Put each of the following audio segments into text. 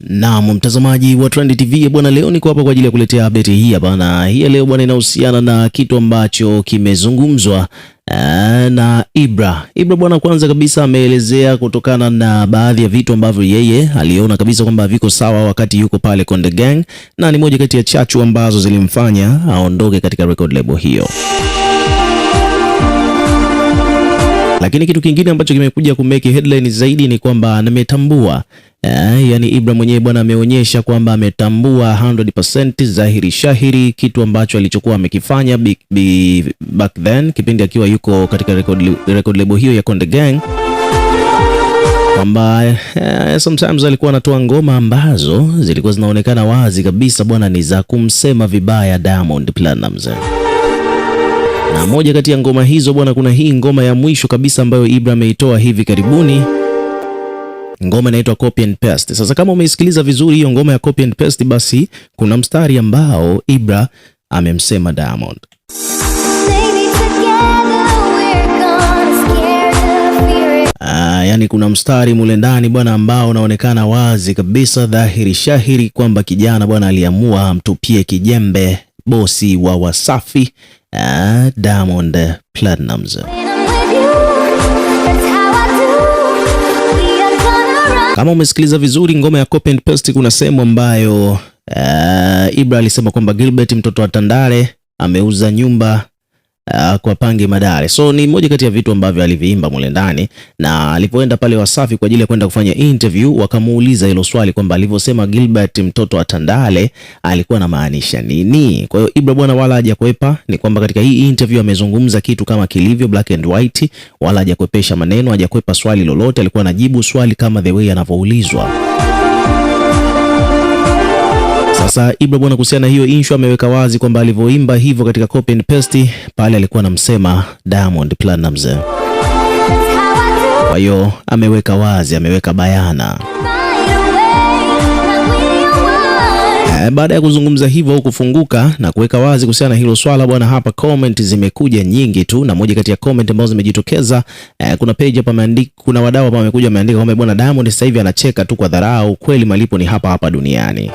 Naam, mtazamaji wa Trend TV bwana, leo niko hapa kwa ajili ya kuletea update hii hapa, na hii leo bwana inahusiana na kitu ambacho kimezungumzwa eh, na Ibra. Ibra bwana, kwanza kabisa ameelezea kutokana na baadhi ya vitu ambavyo yeye aliona kabisa kwamba viko sawa wakati yuko pale Konde Gang, na ni moja kati ya chachu ambazo zilimfanya aondoke katika record label hiyo. Lakini kitu kingine ambacho kimekuja kumeki headline zaidi ni kwamba nimetambua eh, yani Ibra mwenyewe bwana ameonyesha kwamba ametambua 100% zahiri shahiri kitu ambacho alichokuwa amekifanya back then kipindi akiwa yuko katika record, record label hiyo ya Konde Gang kwamba eh, sometimes alikuwa anatoa ngoma ambazo zilikuwa zinaonekana wazi kabisa bwana ni za kumsema vibaya Diamond Platnumz. Na moja kati ya ngoma hizo bwana, kuna hii ngoma ya mwisho kabisa ambayo Ibra ameitoa hivi karibuni, ngoma inaitwa copy and paste. Sasa kama umeisikiliza vizuri hiyo ngoma ya copy and paste, basi kuna mstari ambao Ibra amemsema Diamond ah, yani kuna mstari mule ndani bwana ambao unaonekana wazi kabisa dhahiri shahiri kwamba kijana bwana aliamua amtupie kijembe bosi wa Wasafi diamond ፕላትናምዝ kama umesikiliza vizuri ngoma ya Copy and Paste, kuna sehemu ambayo uh, Ibra alisema kwamba Gilbert mtoto wa Tandale ameuza nyumba uh, kwa Pange Madare. So ni moja kati ya vitu ambavyo aliviimba mule ndani, na alipoenda pale Wasafi kwa ajili ya kwenda kufanya interview, wakamuuliza hilo swali kwamba alivyosema Gilbert mtoto wa Tandale alikuwa anamaanisha nini. Kwa hiyo Ibra bwana wala hajakwepa, ni kwamba katika hii interview amezungumza kitu kama kilivyo black and white, wala hajakwepesha maneno, hajakwepa swali lolote, alikuwa anajibu swali kama the way anavyoulizwa. Sasa Ibra bwana, kuhusiana na hiyo inshu ameweka wazi kwamba alivyoimba hivyo katika copy and paste pale alikuwa anamsema Diamond Platnumz. Kwa hiyo ameweka wazi, ameweka bayana eh, baada ya kuzungumza hivyo kufunguka na kuweka wazi kuhusiana na hilo swala bwana, hapa comment zimekuja nyingi tu, na moja kati ya comment ambazo zimejitokeza eh, kuna page hapa imeandika, kuna wadau hapa wamekuja wameandika kwamba bwana, Diamond sasa hivi anacheka tu kwa dharau, kweli malipo ni hapa hapa duniani.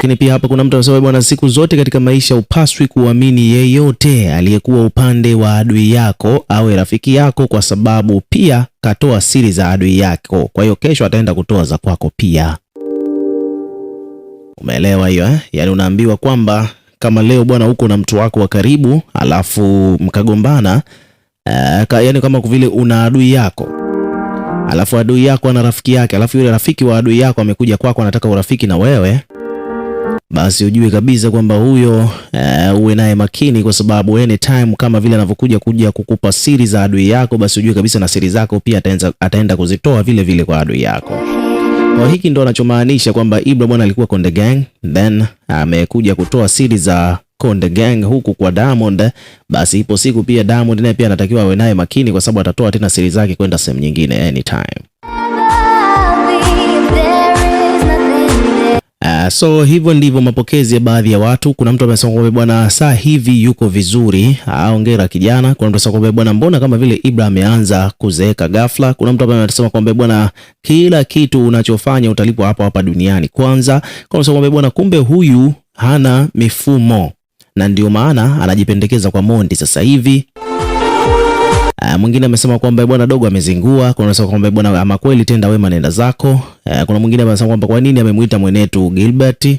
Lakini pia hapa kuna mtu anasema bwana, siku zote katika maisha upaswi kuamini yeyote aliyekuwa upande wa adui yako awe rafiki yako, kwa sababu pia katoa siri za adui yako, kwa hiyo kesho ataenda kutoa za kwako pia. Umeelewa hiyo eh? Yaani unaambiwa kwamba kama leo bwana uko na mtu wako wa karibu alafu mkagombana eh, ka, yani kama vile una adui yako alafu adui yako ana rafiki yake alafu yule rafiki wa adui yako amekuja kwako anataka urafiki na wewe basi ujue kabisa kwamba huyo uh, uwe naye makini, kwa sababu anytime kama vile anavyokuja kuja kukupa siri za adui yako, basi ujue kabisa na siri zako pia ataenza, ataenda kuzitoa vile vile kwa adui yako. Kwa hiki ndo anachomaanisha kwamba Ibra bwana alikuwa Konde Gang, then amekuja kutoa siri za Konde Gang huku kwa Diamond. Basi ipo siku pia Diamond naye pia anatakiwa awe naye makini, kwa sababu atatoa tena siri zake kwenda sehemu nyingine anytime. So hivyo ndivyo mapokezi ya baadhi ya watu. Kuna mtu amesema kwamba bwana, saa hivi yuko vizuri, aongera kijana. Kuna mtu amesema kwamba bwana, mbona kama vile Ibra ameanza kuzeeka ghafla. Kuna mtu ambaye anasema kwamba bwana, kila kitu unachofanya utalipwa hapa hapa duniani kwanza. Kuna mtu kwamba bwana, kumbe huyu hana mifumo na ndio maana anajipendekeza kwa Mondi sasa hivi. Uh, mwingine amesema kwamba bwana dogo amezingua. Kuna anasema kwamba bwana ama kweli tenda wema nenda zako. Uh, kuna mwingine amesema kwamba kwa nini amemuita mwenetu Gilbert.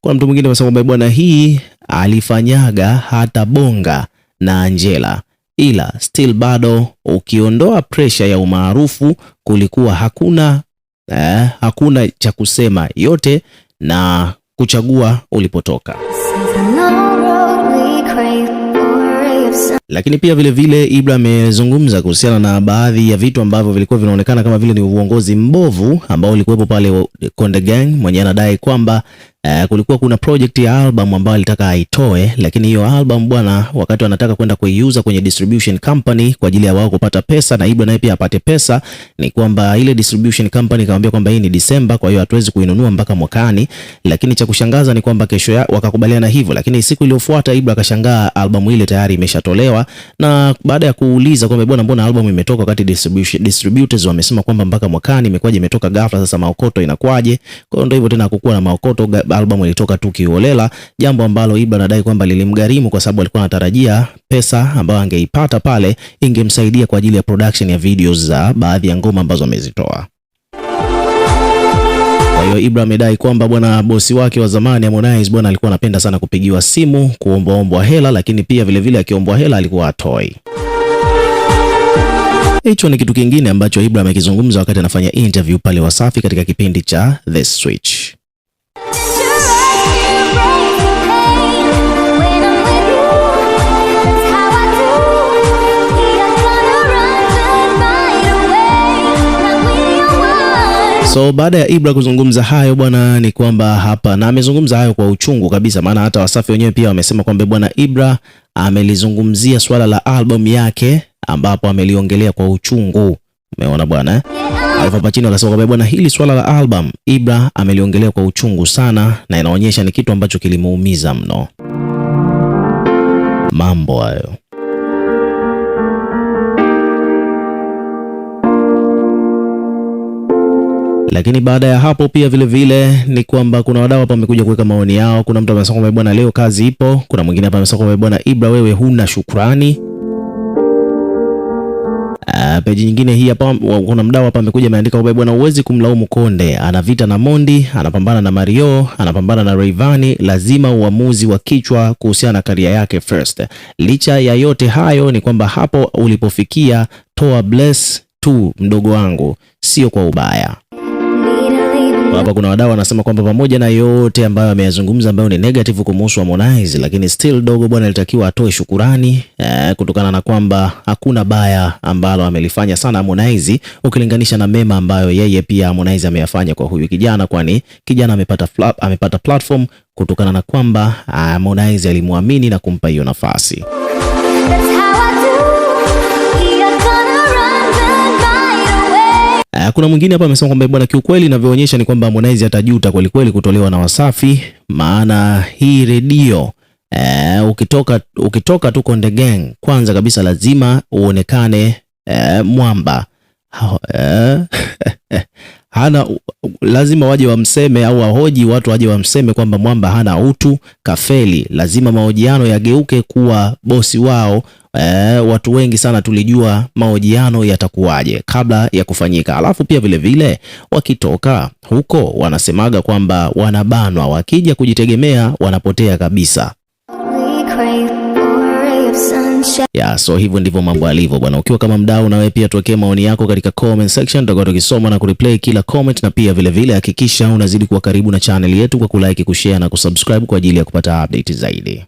Kuna mtu mwingine amesema kwamba bwana hii alifanyaga hata Bonga na Angela ila still bado ukiondoa pressure ya umaarufu kulikuwa hakuna uh, hakuna cha kusema yote na kuchagua ulipotoka. Lakini pia vile vile Ibra amezungumza kuhusiana na baadhi ya vitu ambavyo vilikuwa vinaonekana kama vile ni uongozi mbovu ambao ulikuwepo pale Konde Gang. Mwenyewe anadai kwamba Uh, kulikuwa kuna project ya album ambayo alitaka aitoe, lakini hiyo album bwana, wakati wanataka kwenda kuiuza kwenye distribution company kwa ajili ya wao kupata pesa na Ibra naye pia apate pesa, ni kwamba ile distribution company kaambia kwamba hii ni Disemba, kwa hiyo hatuwezi kuinunua mpaka mwakani. Lakini cha kushangaza ni kwamba kesho wakakubaliana hivyo, lakini siku iliyofuata Ibra akashangaa albamu ile tayari imeshatolewa sawa. Na baada ya kuuliza kwamba bwana, mbona album imetoka wakati distributors wamesema kwamba mpaka mwakani, imekwaje imetoka ghafla? Sasa maokoto inakwaje? Kwa hiyo ndio hivyo tena, hakukuwa na maokoto, album ilitoka tu kiholela, jambo ambalo Iba anadai kwamba lilimgharimu kwa sababu alikuwa anatarajia pesa ambayo angeipata pale ingemsaidia kwa ajili ya production ya videos za baadhi ya ngoma ambazo amezitoa. Kwa hiyo Ibra amedai kwamba bwana bosi wake wa zamani Harmonize bwana alikuwa anapenda sana kupigiwa simu kuombaombwa hela, lakini pia vilevile akiombwa hela alikuwa atoi. Hicho ni kitu kingine ambacho Ibra amekizungumza wakati anafanya interview pale Wasafi katika kipindi cha The Switch. So baada ya Ibra kuzungumza hayo bwana, ni kwamba hapa na amezungumza hayo kwa uchungu kabisa, maana hata Wasafi wenyewe pia wamesema kwamba bwana Ibra amelizungumzia swala la album yake ambapo ameliongelea kwa uchungu. Umeona bwana eh? Alafu hapa chini wakasema kwamba bwana, hili swala la album Ibra ameliongelea kwa uchungu sana, na inaonyesha ni kitu ambacho kilimuumiza mno. Mambo hayo. Lakini baada ya hapo pia vile vile ni kwamba kuna wadau hapa wamekuja kuweka maoni yao. Kuna mtu amesema kwamba bwana, leo kazi ipo. Kuna mwingine hapa amesema kwamba bwana, Ibra wewe huna shukrani. Uh, peji nyingine hii hapa, kuna mdau hapa amekuja ameandika kwamba bwana, huwezi kumlaumu Konde, ana vita na Mondi, anapambana na Mario, anapambana na Rayvanny, lazima uamuzi wa kichwa kuhusiana na karia yake first. Licha ya yote hayo, ni kwamba hapo ulipofikia, toa bless tu mdogo wangu, sio kwa ubaya. Hapa kuna wadau wanasema kwamba pamoja na yote ambayo ameyazungumza ambayo ni negative kumhusu Harmonize, lakini still dogo bwana alitakiwa atoe shukurani eh, kutokana na kwamba hakuna baya ambalo amelifanya sana Harmonize ukilinganisha na mema ambayo yeye pia Harmonize ameyafanya kwa huyu kijana, kwani kijana amepata amepata platform kutokana na kwamba Harmonize alimwamini na kumpa hiyo nafasi. kuna mwingine hapa amesema kwamba eh, bwana, kiukweli inavyoonyesha ni kwamba Harmonize atajuta kweli kweli kutolewa na Wasafi, maana hii redio e, ukitoka ukitoka tu Konde Gang kwanza kabisa lazima uonekane e, mwamba e, hana lazima waje wamseme au wahoji watu waje wamseme kwamba mwamba hana utu, kafeli. Lazima mahojiano yageuke kuwa bosi wao eh, watu wengi sana tulijua mahojiano yatakuwaje kabla ya kufanyika. Alafu pia vilevile vile, wakitoka huko wanasemaga kwamba wanabanwa, wakija kujitegemea wanapotea kabisa. Ya, so hivyo ndivyo mambo yalivyo bwana. Ukiwa kama mdau, na wewe pia tuwekee maoni yako katika comment section, tutakuwa tukisoma na kureplay kila comment, na pia vilevile hakikisha vile unazidi kuwa karibu na channel yetu kwa kulike, kushare na kusubscribe kwa ajili ya kupata update zaidi.